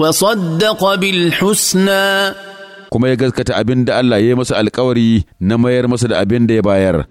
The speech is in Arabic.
وصدق بالحسنى كما يجزكت أبن الله يمس الكوري نمير مسد أبن دي باير